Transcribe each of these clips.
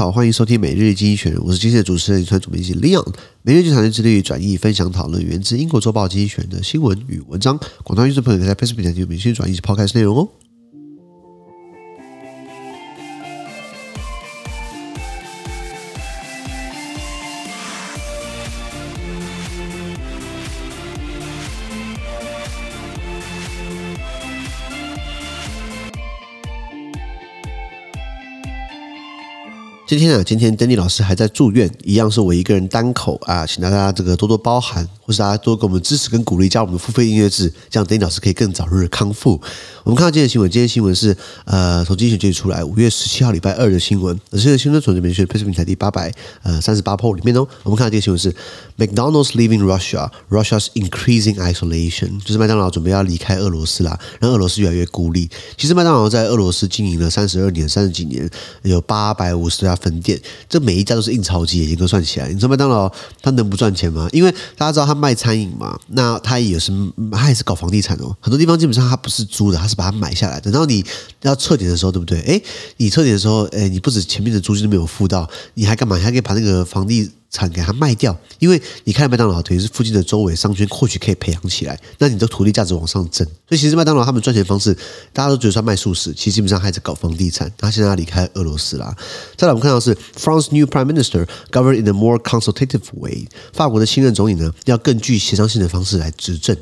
好，歡迎收聽每日一經濟學人，我是今天的主持人、主編 Leon。每日一經濟學人致力於轉譯、分享、討論源自英國，《週報》經濟學人的新聞與文章。廣大聽眾朋友可以在 PressPlay 裡有明星轉譯 Podcast 內容哦。今天啊，今天 Danny 老師還在住院，一樣是我一個人單口啊，請大家這個多多包涵，或是大家多給我們支持跟鼓勵，加我們的付費音樂制，這樣 Danny 老師可以更早日康復。我們看到今天的新聞，今天新聞是呃，從經濟學界出來，五月十七號禮拜二的新聞，我是從這邊 PressPlay 平台的八百呃三十八 Po 裡面呢，我們看到這個新聞是 McDonald's leaving Russia, Russia's increasing isolation，就是麥當勞準備要離開俄羅斯啦，讓俄羅斯越來越孤立。其實麥當勞在俄羅斯經營了三十二年，三十幾年，有八百五十家。分店，這每一家都是印鈔機，也個算起來，你說麥當勞它能不賺錢嗎？因為大家知道他賣餐飲嘛，那他也是，他也是搞房地產哦。很多地方基本上他不是租的，他是把它買下來的。等到你要撤點的時候，對不對？誒，你撤點的時候，誒，你不止前面的租金都沒有付到，你還幹嘛？還可以把那個房地。產給他賣掉，因為你看麥當勞，等於是附近的周圍商圈或許可以培養起來，那你的土地價值往上增。所以其實麥當勞他們賺錢的方式，大家都覺得賣素食，其實基本上還是搞房地產。他現在要離開俄羅斯啦。再來我們看到是 France's new prime minister governed in a more consultative way。法國的新任總理呢，要更具協商性的方式來執政。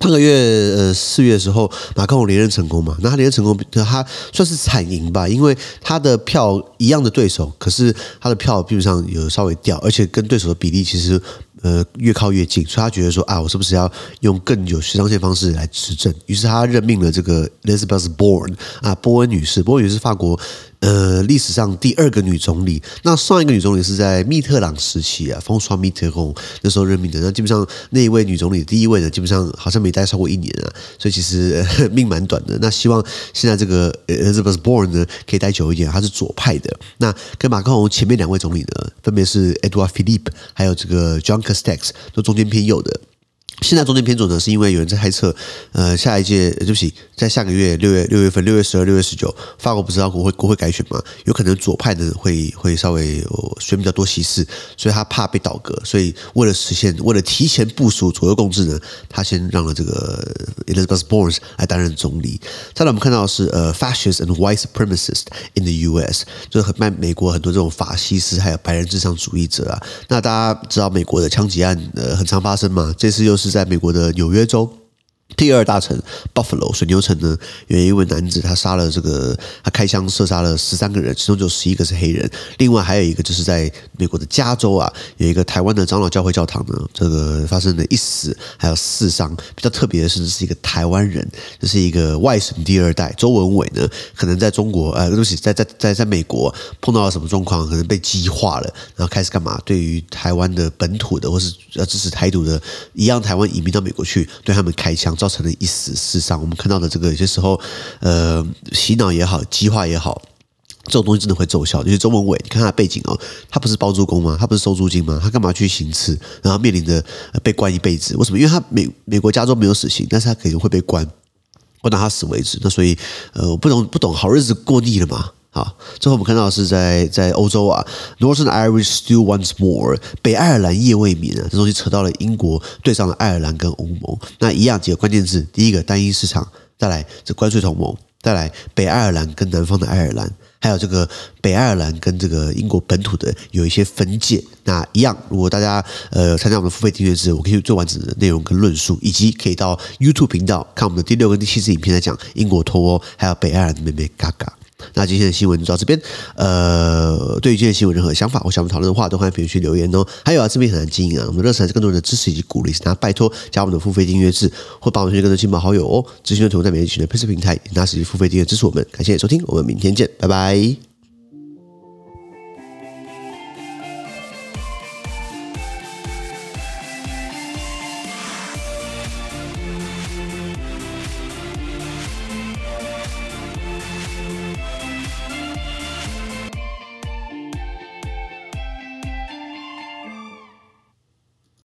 上個月呃四月的時候，馬克龍連任成功嘛？那他連任成功，他算是慘贏吧？因為他的票一樣的對手，可是他的票並不上有稍微掉，而且跟對手的比例其實呃越靠越近，所以他覺得說啊，我是不是要用更有協商性方式來執政？於是他任命了這個 Elizabeth Bourne 啊波恩女士，波恩女士是法國。呃，歷史上第二個女總理，那上一個女總理是在密特朗時期啊，François Mitterrand 那時候任命的。那基本上那一位女總理，第一位呢，基本上好像沒待超過一年啊，所以其實呵呵命蠻短的。那希望現在這個 Elisabeth Borne 呢，可以待久一點啊。她是左派的，那跟馬克宏前面兩位總理呢，分別是 Edouard Philippe 還有這個 Jean Castex，都中間偏右的。現在中間偏左呢，是因為有人在猜測，呃，下一屆，呃、對不起，在下個月六月六月份六月十二六月十九，法國不是要國會國會改選嘛？有可能左派呢會會稍微有選比較多席次，所以他怕被倒戈，所以為了實現為了提前部署左右共治呢，他先讓了這個 Elizabeth Borne 來擔任總理。再來我們看到是呃 fascist and white supremacist in the U.S.，就是美美國很多這種法西斯還有白人至上主義者啊。那大家知道美國的槍擊案呃很常發生嘛？這次又是。在美國的紐約州。第二大城 Buffalo 水牛城呢，有一位男子他殺了這個他開槍射殺了十三個人，其中就十一個是黑人，另外還有一個就是在美國的加州啊，有一個台灣的長老教會教堂呢，這個發生了一死還有四傷，比較特別的是是一個台灣人，就是一個外省第二代周文偉呢，可能在中國呃對不起，在在在在美國碰到了什麼狀況，可能被激化了，然後開始幹嘛？對於台灣的本土的或是要支持台獨的，一樣台灣移民到美國去對他們開槍。造成了一死四傷，我們看到的這個有些時候，呃，洗腦也好，激化也好，這種東西真的會奏效。就是周文偉，你看他背景哦，他不是包租公嗎？他不是收租金嗎？他幹嘛去行刺，然後面臨着被關一輩子？為什麼？因為他美美國加州沒有死刑，但是他可能會被關關到他死為止。那所以，呃，我不懂不懂，好日子過膩了嘛？好，最後我們看到的是在在歐洲啊，Northern Irish stew once more，北愛爾蘭夜未眠啊，這東西扯到了英國對上了愛爾蘭跟歐盟。那一樣幾個關鍵字，第一個單一市場，再來這關稅同盟，再來北愛爾蘭跟南方的愛爾蘭，還有這個北愛爾蘭跟這個英國本土的有一些分界。那一樣，如果大家呃參加我們的付費訂閱制，我可以做完整的內容跟論述，以及可以到 YouTube 頻道看我們的第六跟第七支影片來講英國脫歐，還有北愛爾蘭的妹妹嘎嘎。那今天的新聞就到這邊。呃，對於今天的新聞任何想法，或想我們討論的話，都可以在評論區留言哦。還有啊，這邊很難經營啊，我們熱忱是更多人的支持以及鼓勵，那拜託加我們的付費訂閱制，或幫我們推薦更多親朋好友哦。資訊的同步在每日群的 PressPlay 平台，大家持續付費訂閱支持我們，感謝你的收聽，我們明天見，拜拜。